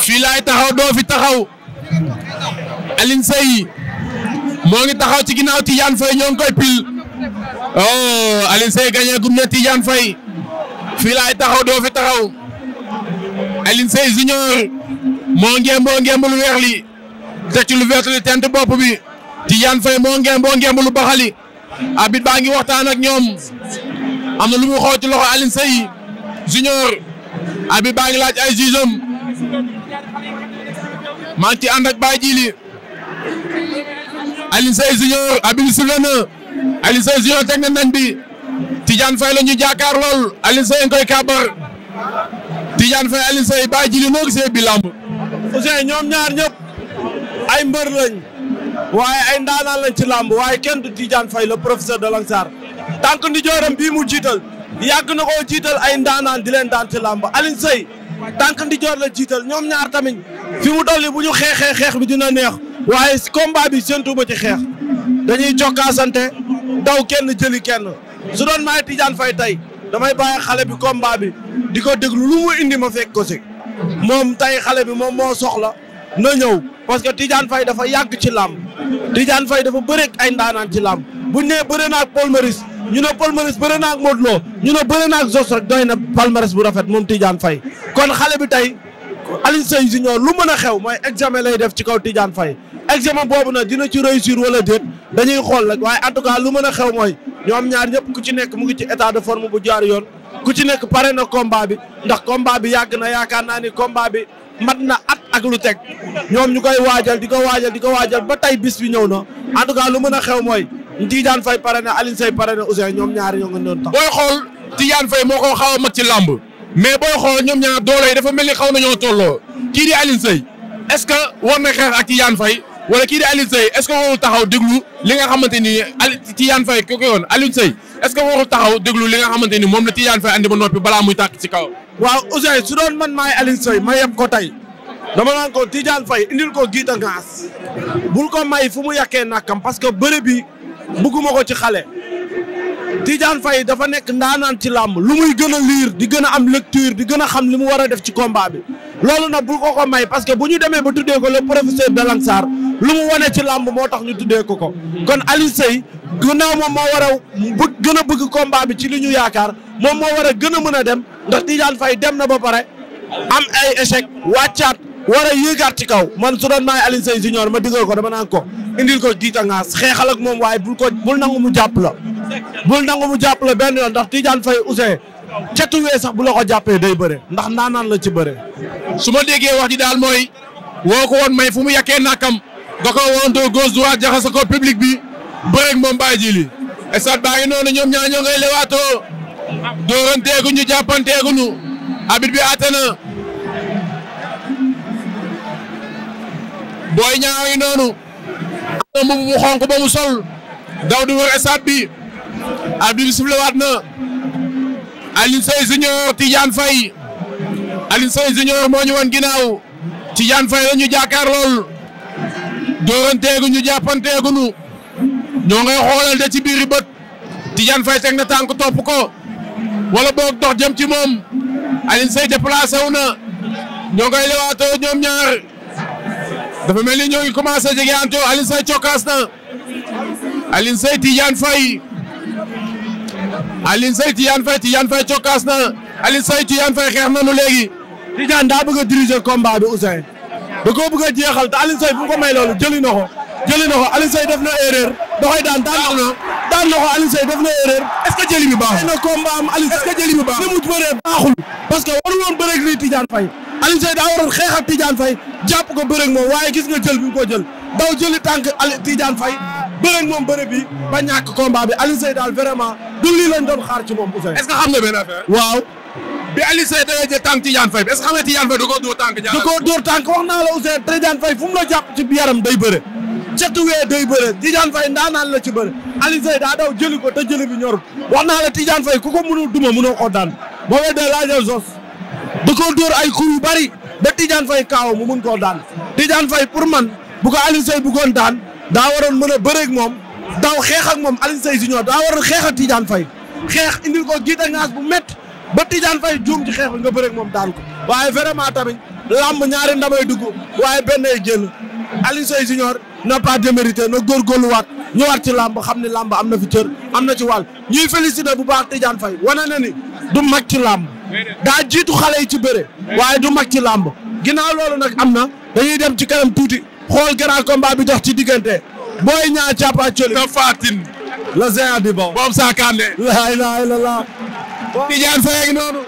fii taxaw doo fi taxaw Alioune Seye moo ngi taxaw ci ginnaaw Tidiane Faye ñoo ngi koy pil oh Alioune Seye gagné gum ne Tidiane Faye fii taxaw doo fi taxaw Alioune Seye moo ngemboo ngemb lu weex li te ci lu vert li tent bopp bi Tidiane Faye moo ngeem boo lu baxali abit baa ngi waxtaan ak ñoom am na lu mu xoo ci loxo Alioune Seye junior abit baa laaj ay jugeem maa ngi ci ànd ak Baye Djili Alioune Seye junior abit sifle na Alioune Seye na nañ bi Tidiane Faye la ñu jàkkaar lool Alioune Seye ngoy kàbbar Tidiane Faye Alioune Seye Baye Djili noo gisee bi lamb Ousseyn ñoom ñaar ñëpp ay mbër lañ waaye ay ndaanaan lañ ci làmb waaye kenn du Tidiane Faye la professeur de Langsar tànk ndi jooram bii mu jiital yàgg na koo jiital ay ndaanaan di leen daan ci làmb Alioune Seye tànk ndi joor la jiital ñoom ñaar tamit fi mu dolli bu ñu xeexee xeex bi dina neex waaye combat bi séntu ba ci xeex dañuy cokkaasante daw kenn jëli kenn su doon maay Tidiane Faye tey damay bàyyi xale bi combat bi di ko déglu lu mu indi ma fekk ko si moom tey xale bi moom moo soxla na ñëw parce que Tidiane Faye dafa yàgg ci làmb Tidiane fay dafa bëreek ay ndaanaan ci làmb bu ñu nee bëre na ak Paul ñu ne Paul Maurice bëre na ak Modou ñu ne bëre na ak Zos rek doy na palmarès bu rafet moom Tidiane fay kon xale bi tey Alioune Seye Junior lu mën a xew mooy examen lay def ci kaw Tidiane Faye examen boobu na dina ci réussir wala déet dañuy xool nag waaye en tout cas lu mën a xew mooy ñoom ñaar ñëpp ku ci nekk mu ngi ci état de forme bu jaar yoon ku ci nekk pare na combat bi ndax combat bi yàgg na yaakaar naa ni combat bi mat na at ak lu teg ñoom ñu koy waajal di ko waajal di ko waajal ba tey bis bi ñëw na en lu mën a xew mooy Tidiane Faye pare na Alioune Seye pare na Ousseyn ñoom ñaari ñoo tax. booy xool Tidiane Faye moo ko xaw a mag ci làmb mais booy xool ñoom ñaar doole yi mel ni xaw nañoo tolloo kii di Alioune Seye que war na xeex ak Tidiane Faye wala kii di Alioune que warul taxaw déglu li nga xamante ni Ali Tidiane koy woon Alioune Seye que warul taxaw déglu li nga xamante ni moom la Tidiane Faye andi ba noppi balaa ma yem dama naan ko Tidiane Faye indil ko Guy Tangance bul ko may fu mu yàqee nàkkam parce que bëre bi bugguma ko ci xale Tidiane Faye dafa nekk ndaanaan ci làmb lu muy gën a liir di gën a am lecture di gën a xam li mu war a def ci combat bi loolu nag bul ko ko may parce que bu ñu demee ba tuddee ko le professeur de Langsar lu mu wane ci làmb moo tax ñu tuddee ko ko kon Alioune Seye gannaaw moom moo war a bëgg gën a bëgg combat bi ci li ñu yaakaar moom moo war a gën a mën a dem ndax Tidiane Faye dem na ba pare am ay échec wàccaat war a yéegaat ci kaw man su doon maay Alioune Seye junior ma digal ko dama naan ko indil ko Tita Ngaas xeexal ak moom waaye bul ko bul nangu mu jàpp la bul nangu mu jàpp la benn yoon ndax Tidiane Faye Ousseyn catuwee sax bu la ko jàppee day bëre ndax naanaan la ci bëre su ma déggee wax di daal mooy woo ko woon may fu mu yakee yàkkee nàkkam da ko wonto gauche droite jaxase ko public bi bëreeg moom bàyyi ji li stade baa ngi noonu ñoom ñaa ñoo ngay lewaatoo dóoranteeguñu jàppanteeguñu abit bi àtte na booy ñaa ngi noonu am mbubb mu xonk ba mu sol daw di wër stade bi abdou sifle waat na Alioune Seye Junior Tidiane Faye Alioune Seye Junior moo ñu woon ginnaaw Tidiane Faye la ñu jàkkaar lool dóoranteegu ñu jàppanteegu ñoo ngay xoolal de ci biiri bët Tidiane Faye teg na tànk topp ko wala boog dox jëm ci moom Alioune Seye déplacé wu na ñoo ngay lewaatoo ñoom ñaar dafa mel ni ñoo ngi commencé jege anto Alioune Seye cokkaas na Alioune Seye Tidiane Faye Alioune Seye Tidiane Faye Tidiane Faye cokkaas na Alioune Seye Tidiane Faye xeex na nu léegi. Tidiane daa bëgg a diriger combat bi Ousseyn da koo bëgg a jeexal te Alioune Seye bu ko may loolu jëli na ko jëli na ko Alioune Seye def na erreur da daan daan na daan na ko Alioune Seye def na erreur est-ce que jëli bi baaxul. xëy na combat am Alioune Seye est-ce que baaxul. parce que waru woon bëreeg lii Tidiane Faye. Alioune Seye daa waroon xeexal Tidiane Faye jàpp ko bëreeg moom waaye gis nga jël bi mu jël daw jëli tànk Alioune Tidiane Faye moom bëre ba ñàkk combat bi Alioune daal vraiment du lii lañ moom Ousseynou. est-ce xam nga benn affaire. waaw. bi Alioune Seye jël tànk Tidiane Faye bi est-ce xam nga Tidiane Faye da koo dóor tànk. da wax naa la Ousseynou Tidiane Faye fu mu la jàpp ci yaram day bëre. cettuwee day bëre Tidiane Faye ndaanaan la ci bëre Alioune Seye daa daw jëli ko te jëli bi ñorut wax da koo dóor ay coups yu bari ba Tidiane Faye kaaw mu mun koo daan Tidiane Faye pour man bu ko Alioune Seye bëggoon daan daa waroon mën a bëreeg moom daw xeex ak moom Alioune Seye junior daa waroon xeex ak Tidiane Faye xeex indi ko giite ngaas bu métti ba Tidiane Faye juum ci xeex bi nga bëreeg moom daan ko waaye vraiment tamit làmb ñaari ndamay dugg waaye benn ay jël Alioune Seye junior n'a góor démérité na góorgóorluwaat ñëwaat ci làmb xam ne làmb am na fi cër am na ci wàll ñuy félicité bu baax Tidiane Faye wane na ni du mag ci làmb daa jiitu xale yi ci bëre waaye du mag ci làmb ginnaaw loolu nag am na dañuy dem ci kanam tuuti xool grand combat bi dox ci diggante Boy Niang Thiapa Thioly Tapha Tine la géant du Baol boobu saa kàndee la ilaha illallah Tidiane Faye ak noonu